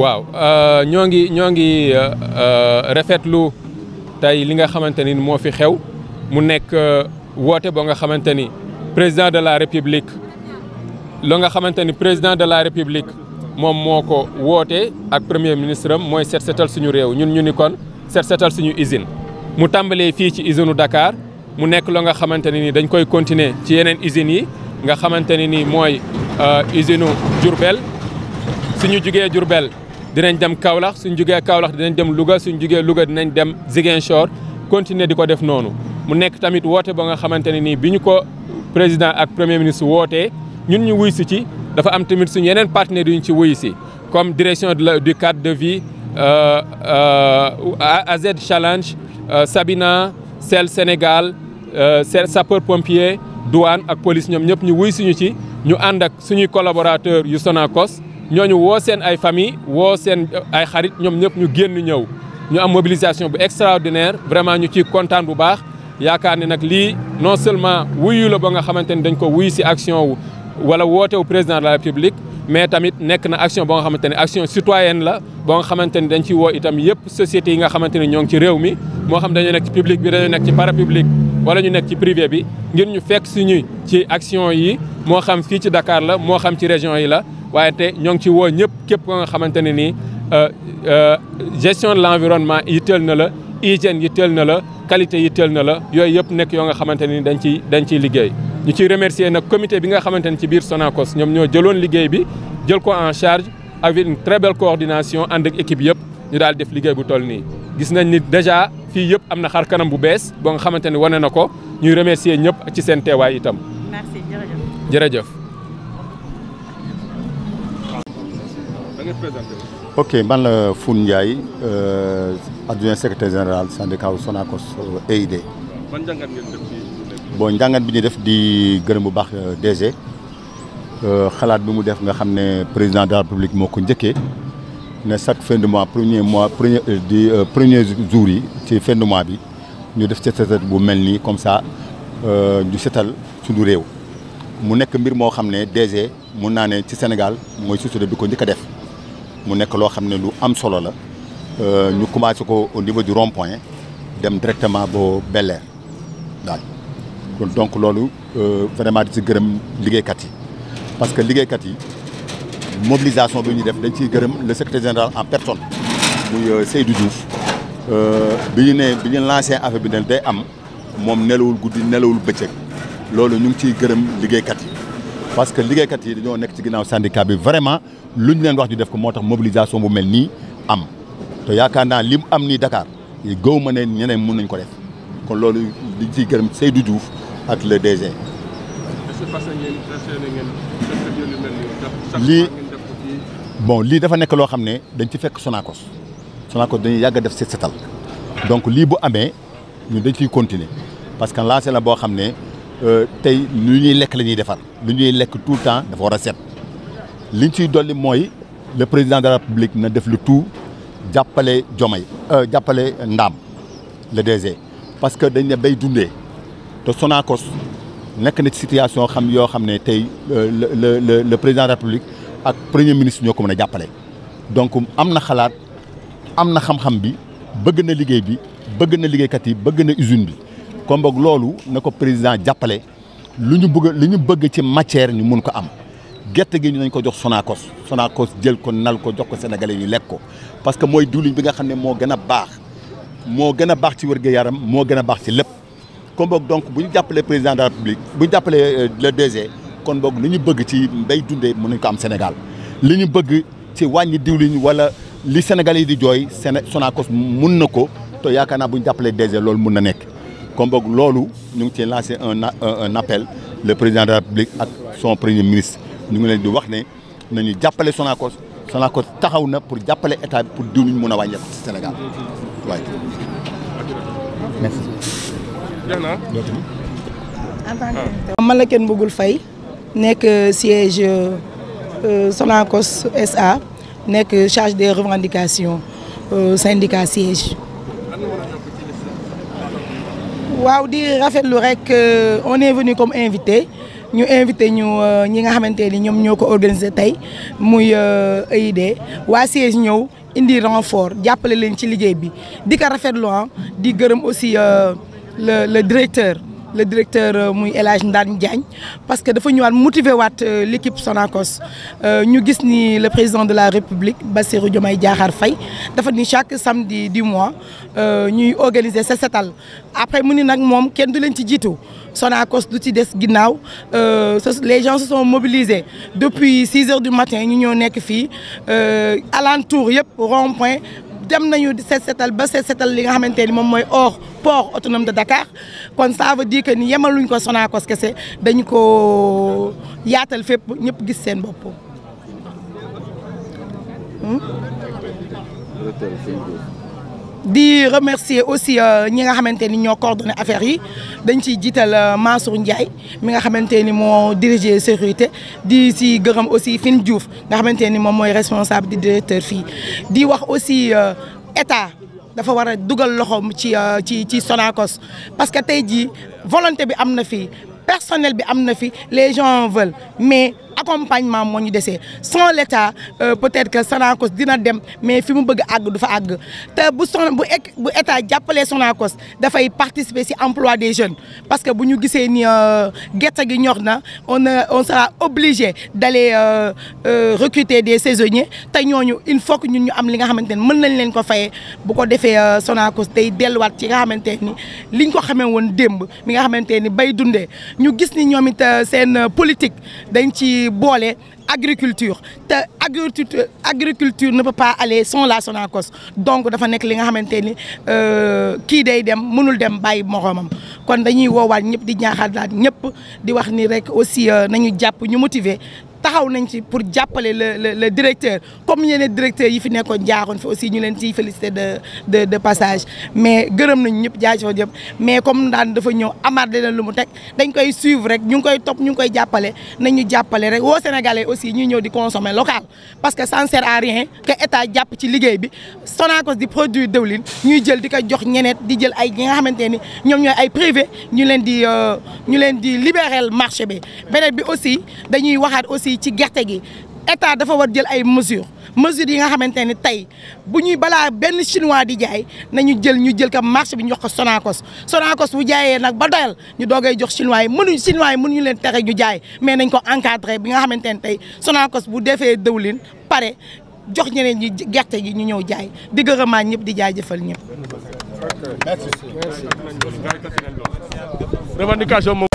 waaw euh, ñoo ngi ñoo ngi euh, euh, rafetlu tey li nga xamante ni moo fi xew mu nekk woote boo nga xamante ni président de la république loo nga xamante ni président de la république moom moo ko woote ak premier ministre am mooy set setal suñu réew ñun ñu ni kon set setal suñu usine mu tàmbalee fii ci usine u Dakar mu nekk loo nga xamante ne ni dañ koy continuer ci yeneen usines yi nga xamante ne ni mooy usine u Diourbel ñu jugee Diourbel dinañ dem Kaolack suñ jugee Kaolack dinañ dem Louga suñ jugee Louga dinañ dem Ziguinchor continuer di ko def noonu mu nekk tamit woote ba nga xamante ne nii bi ñu ko président ak premier ministre wootee ñun ñu wuy si ci dafa am tamit suñu yeneen partenaires yu ñu ci wuy si comme direction de la du cadre de vie euh, euh, AZ Challenge euh, Sabina Sel Sénégal sapeur pompier duwaan ak police ñoom ñëpp ñu wuy suñu ci ñu ànd ak suñuy collaborateurs yu Sonacos ñooñu woo seen ay famille woo seen euh, ay xarit ñoom ñëpp ñu génn ñëw ñu am mobilisation bu extraordinaire vraiment ñu ciy kontaan bu baax yaakaar ne nag lii non seulement wuyu la ba nga xamante ni dañ ko wuyu si action wu wala woote wu président de la république mais tamit nekk na action ba nga xamante ne action citoyenne la ba nga xamante ni dañ ci woo itam yëpp sociétés yi nga xamante ne ñoo ngi ci réew mi moo xam dañoo nekk ci public bi dañoo nekk ci parapublic wala ñu nekk ci privé bi ngir ñu fekk suñu ci action yi moo xam fii ci Dakar la moo xam ci région yi la waaye te ñoo ngi ci woo ñëpp képp ko nga xamante ne nii euh, euh, gestion de l'environnement yitteel na la yi yitteel na la yi yitteel na la yooyu yëpp nekk yoo nga xamante ni dañ ciy dañ ciy liggéey. ñu ci remercier nag comité bi nga xamante ne ci biir Sonacos ñoom ñoo jëloon liggéey bi jël ko en charge avec une très belle coordination ànd ak équipe yëpp ñu daal def liggéey bu toll nii. gis nañ ni déjà fii yëpp am na xar kanam bu bees boo nga xamante ne wane na ko ñuy remercier ñëpp ci seen itam. jërëjëf. ok man la Foun Ndiaye euh, adjoint secrétaire général syndicat Sonacos EID. Euh, e ban njàngat bon njàngat bi ñu def di gërëm bu baax euh, DG xalaat bi mu def nga xam ne président de la République moo ko njëkkee ne chaque fin de mois premier mois premier di premier jour yi ci fin de mois bi ñu def ci setal bu mel nii comme ça ñu setal suñu réew. mu nekk mbir moo xam ne DG mun naa ne ci Sénégal mooy société bi ko njëkk def. mu nekk loo xam ne lu am solo la euh, ñu commencé ko au niveau du rond dem directement boo Bel Air donc loolu euh, vraiment di si gërëm liggéeykat yi parce que liggéeykat yi mobilisation bi ñu def dañ ciy gërëm le secrétaire général en personne muy euh, Seydou Diouf bi ñu ne bi ñu lancé affaire bi ne day am moom nelawul guddi nelawul bëccëg loolu ñu ngi ciy gërëm liggéeykat yi parce que liggéeykat yi dañoo nekk ci ginnaaw syndicat bi vraiment lu ñu leen wax ñu def ko moo tax mobilisation bu mel nii am te yaakaar naa li mu am nii Dakar gëw ma ne ñeneen mun nañ ko def kon loolu di ciy gërëm Seydou Diouf ak le DG. est-ce parce que ngeen lii bon lii dafa nekk loo xam ne dañ ci fekk Sonacos Sonacos dañuy yàgg def set setal donc lii bu amee ñu dañ ciy continuer parce que lancé la boo xam ne. Euh, tey lu ñuy lekk la ñuy defar lu ñuy lekk tout le temps dafa war a set li ñu ciy dolli mooy le président de république na def le tout jàppale Diomaye euh, jàppale Ndaam le DG parce que dañ ne bay dundee te Sonacos nekk na ci xam yoo xam ne tey euh, le le le président de république ak premier ministre ñoo ko mën a jàppale donc am na xalaat am na xam-xam bi bëgg na liggéey bi bëgg na liggéeykat yi bëgg na usine bi kon boog loolu na ko président jàppale lu ñu bëgg li ñu bëgg ci matière ñu mun ko am gerte gi ñu nañ ko jox Sonacos Sonacos jël ko nal ko jox ko sénégalais yi lekk ko parce que mooy diwlin bi nga xam ne moo gën a baax moo gën a baax ci wérgu yaram moo gën a baax ci lépp kon boog donc bu ñu jàppalee président de la république bu ñu jàppalee euh, le DG kon boog li ñu bëgg ci mbay dundee mun nañ ko am Sénégal li ñu bëgg ci wàññi diwlin wala li sénégalais yi di jooy Séné Sonacos mun na ko te yaakaar naa bu ñu jàppalee DG loolu na nekk comme boog loolu ñu ngi cee lancé un un appel le président de la République ak son premier ministre ñu ngi leen di wax ne nañu jàppale Sonacos Sonacos taxaw na pour jàppale état pour diw ñu mun a wàññeeku ci Sénégal waaye. merci. man fay nekk siège euh, Sonacos SA nekk charge des revendications euh, syndicat siège. waaw di rafetlu rek euh, on est venu comme invité ñu invité ñu euh, ñi nga xamante ni ñoom ñoo ko organisé tey muy de euh, waa siège ñëw indi renfort jàppale leen ci liggéey bi di ko rafetlu ah, di gërëm aussi le le directeur. le directeur euh, muy El Hadj Ndane Diagne parce que dafa ñëwaat motiver waat euh, l' équipe Sonacos euh, ñu gis ni le président de la République Bassirou Diomaye Diakhar fay dafa ni chaque samedi du mois ñuy organiser sa setal après mu ni nag moom kenn du leen ci jiitu Sonacos du ci des ginnaaw les gens se sont mobilisés depuis six heures du matin ñu ñëw nekk fii alentour yëpp rond point dem nañu set setal ba set setal li nga xamante ni moom mooy or port autonome de Dakar kon ça veut dire que ni yemaluñ ko Sonacos kese dañu ko yaatal fépp ñëpp gis seen bopp. Hmm? di remercier aussi euh, ñi nga xamante ni ñoo coordonné affaire yi dañ ciy jiital euh, Mansour Ndiaye mi nga xamante ni moo dirigé sécurité di si gërëm aussi Fine Diouf nga xamante ni moom mooy responsable di directeur fii di wax aussi euh, état dafa war a dugal loxoom ci ci ci Sonacos parce que tey jii volonté bi am na fi personnel bi am na fi les gens veulent mais accompagnement moo ñu desee sans l' état euh, peut-être que Sonacos dina dem mais fi mu bëgg àgg du fa àgg te bu son bu bu état jàppalee Sonacos dafay participer si emploi des jeunes parce que bu ñu gisee ni euh, gerte gi ñor na on euh, on sera obligé d' aller recruter des saisonniers te ñooñu il faut que ñun ñu am li nga xamante ne mën nañ leen ko fayee bu ko defee Sonacos tey delluwaat ci nga xamante ni liñ ko xamee woon démb mi nga xamante ni bay dundee ñu gis ni ñoom it seen politique dañ ci boole agriculture te agriculture agriculture ne peut pas aller sans la Sonacos donc dafa nekk li nga xamante ni euh, kii day dem mënul dem bàyyi moroomam kon dañuy woowaat ñëpp di ñaaxaat ñëpp di wax nii rek aussi euh, nañu jàpp ñu motiver taxaw nañ ci pour jàppale le le directeur comme yeneen directeur yi fi nekkoon jaaxoon fi aussi ñu leen ciy félicité de de de passage mais gërëm nañ ñëpp jaajëfal ñëpp mais comme daan dafa ñëw amaat leneen lu mu teg dañ koy suivre rek ñu ngi koy topp ñu ngi koy jàppale nañu jàppale rek woo sénégalais aussi ñuy ñëw di consommer local parce que ça ne sert à rien que état jàpp ci liggéey bi Sonacos di produit dëwlin ñuy jël di ko jox ñeneen di jël ay ñi nga xamante ni ñoom ñooy ay privé ñu leen di euh, ñu leen di libéral marché bi beneen bi aussi dañuy waxaat aussi aussi ci gerte gi état dafa war jël ay mesures mesures yi nga xamante ne tey bu ñuy balaa benn chinois di jaay nañu jël ñu jël ko marché bi ñu jox ko Sonacos Sonacos bu jaayee nag ba doyal ñu doogay jox chinois yi mënuñ chinois yi mënuñu leen tere ñu jaay mais nañ ko encadré bi nga xamante ne tey Sonacos bu defee dëwlin pare jox ñeneen ñi gerte gi ñu ñëw jaay di gërëmaa ñëpp di jaajëfal ñëpp. revendication